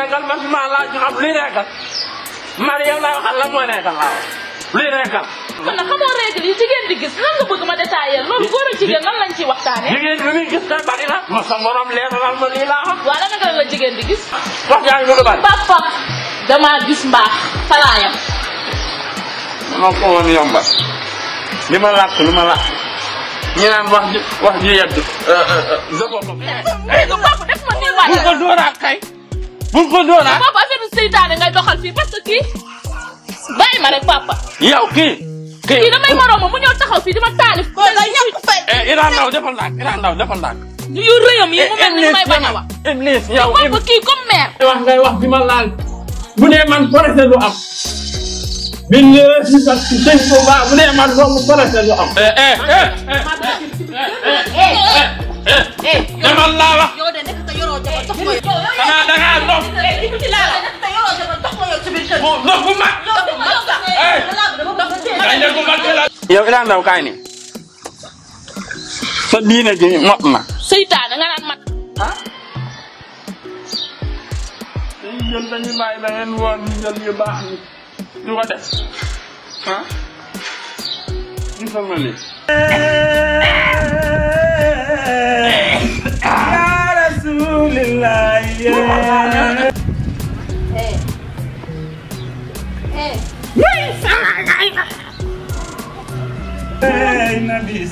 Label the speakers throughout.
Speaker 1: reegal man maa laaj xam luy reegal man yow la waxal lan mo reegal la li reegal man nag xamoo reegal yu jigéen di gis lan nga bëgg ma détaillé loolu góor ak jigéen lan lañ ci waxtaane jigéen bi muy gis kay bari la ma sa morom leeralal ma la jigéen di gis wax yaa ngi bari papa dama gis mbax falaayam ma ko woon yombal li ma làkk lu ma ñu naan wax wax ji yedd zako ko ko def ma ne waat ko kay bu ko doona papa affaire seytaane ngay doxal fii parce que kii bàyyi ma rek papa. yow kii. kii damay moroomam mu ñëw taxaw fii dama taalif. kon nag ñàkk fay. Iran Ndao defal ndànk yi mu mel ni may bañ a Iblis yow Iblis papa kii wax ngay wax bi ma laal bu dee man si sa si sëñ bu baax bu dee wax. yow ilan daw kay ni sa diine ji mot na seytaane nga naan mat ah ñun dañuy bàyyi da ngeen woon ñun yu baax ni du ko def ah gisal ma lii rasulillah Hey! Hey! Nabi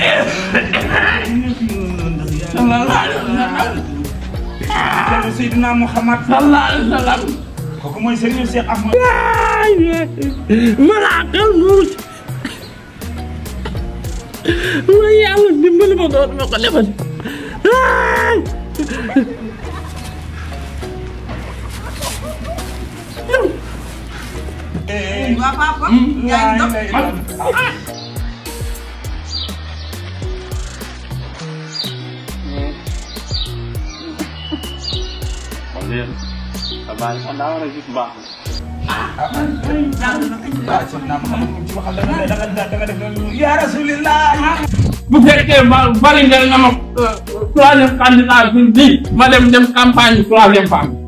Speaker 1: sallallahu alayhi wa sallam. Kenn Seydina Muhammad sallallahu alayhi wa sallam. Kooku mooy Serigne Cheikh Ahmad. Malaakal muut. Mooy yàlla dimbali ma doon ma ko lebal. Waa papa. Mm, Leel xabaar on daa war a gis baax ya rasulillah bu fekkee nga euh, ma dem dem campagne troisième femme